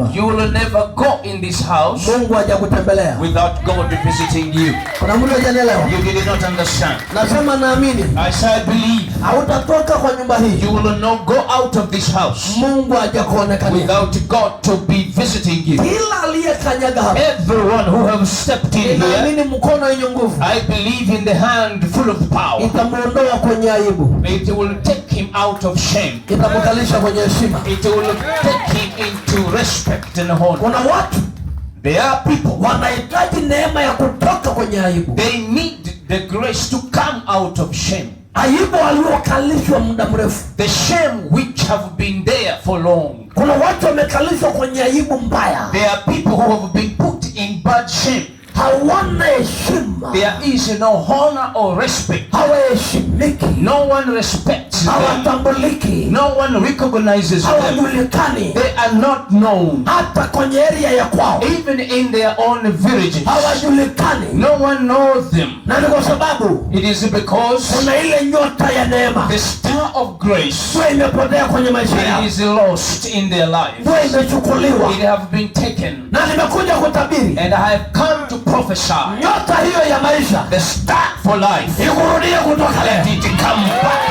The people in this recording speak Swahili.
uzima. You will never go in this house Mungu hajakutembelea without God visiting you. Kuna mtu hajanielewa? You did not understand. Nasema naamini. I said believe. Hautatoka kwa nyumba hii. You will not go out of this house Mungu hajakuonekana without God to be visiting you. Kila aliyekanyaga hapa. Everyone who have stepped in here. Ninaamini mkono wenye nguvu. I believe in the hand full of power. Itamuondoa kwenye aibu. It will take him out of shame. kwenye heshima. It will take him into respect and honor. Kuna watu There are people wanahitaji neema ya kutoka kwenye aibu. They need the grace to come out of shame. Aibu muda mrefu. The shame which have been there for long. Kuna watu wamekalishwa kwenye aibu mbaya. There are people who have been put in bad shame. Hawana heshima. There is no honor or respect. Hawaheshimu hawatambuliki, no one respects hawatambuliki, no one recognizes hawajulikani, they are not known, hata kwenye area ya kwao, even in their own villages hawajulikani, no one knows them. Na ni kwa sababu it is because kuna ile nyota ya neema, the star of grace, sio imepotea kwenye maisha yao, it is lost in their life, sio imechukuliwa, it have been taken. Na nimekuja kutabiri and I have come to prophesy. Nyota hiyo ya maisha. The star for life. Ikurudie kutoka leo. It come back.